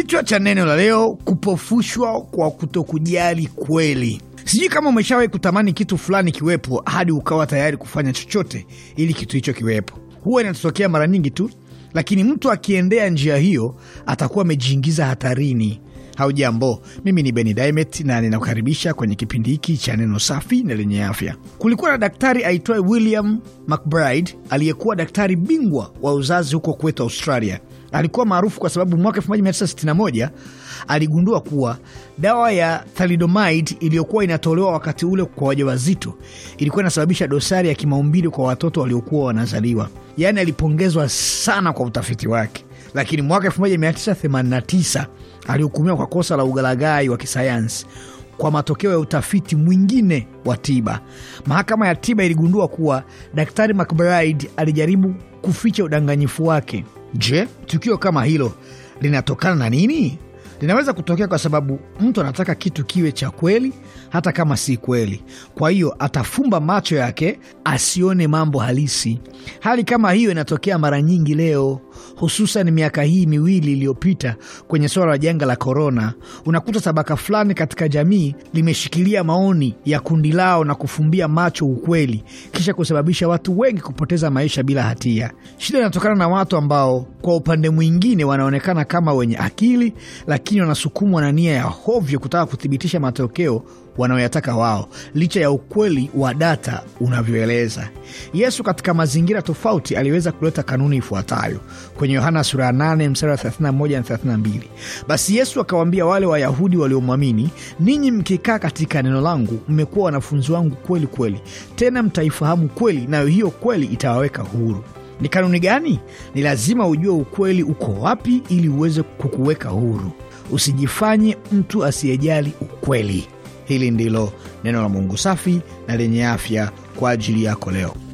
Kichwa cha neno la leo: kupofushwa kwa kutokujali kweli. Sijui kama umeshawahi kutamani kitu fulani kiwepo hadi ukawa tayari kufanya chochote ili kitu hicho kiwepo. Huwa inatotokea mara nyingi tu, lakini mtu akiendea njia hiyo atakuwa amejiingiza hatarini. Haujambo, mimi ni Beni Dimet na ninakukaribisha kwenye kipindi hiki cha neno safi na lenye afya. Kulikuwa na daktari aitwaye William McBride aliyekuwa daktari bingwa wa uzazi huko kwetu Australia. Alikuwa maarufu kwa sababu mwaka 1961 aligundua kuwa dawa ya thalidomide iliyokuwa inatolewa wakati ule kwa wajawazito ilikuwa inasababisha dosari ya kimaumbili kwa watoto waliokuwa wanazaliwa. Yaani alipongezwa sana kwa utafiti wake, lakini mwaka 1989 alihukumiwa kwa kosa la ugalagai wa kisayansi kwa matokeo ya utafiti mwingine wa tiba. Mahakama ya tiba iligundua kuwa Daktari McBride alijaribu kuficha udanganyifu wake Je, tukio kama hilo linatokana na nini? Linaweza kutokea kwa sababu mtu anataka kitu kiwe cha kweli hata kama si kweli. Kwa hiyo atafumba macho yake asione mambo halisi. Hali kama hiyo inatokea mara nyingi leo, hususan miaka hii miwili iliyopita. Kwenye suala la janga la korona, unakuta tabaka fulani katika jamii limeshikilia maoni ya kundi lao na kufumbia macho ukweli, kisha kusababisha watu wengi kupoteza maisha bila hatia. Shida inatokana na watu ambao kwa upande mwingine wanaonekana kama wenye akili, lakini wanasukumwa na nia ya hovyo kutaka kuthibitisha matokeo wanaoyataka wao, licha ya ukweli wa data unavyoeleza. Yesu katika mazingira mazingira tofauti aliweza kuleta kanuni ifuatayo kwenye Yohana sura ya 8 msara wa 31 32: basi Yesu akawaambia wale Wayahudi waliomwamini, ninyi mkikaa katika neno langu mmekuwa wanafunzi wangu kweli kweli, tena mtaifahamu kweli, nayo hiyo kweli itawaweka huru. Ni kanuni gani? Ni lazima ujue ukweli uko wapi ili uweze kukuweka huru. Usijifanye mtu asiyejali ukweli. Hili ndilo neno la Mungu safi na lenye afya kwa ajili yako leo.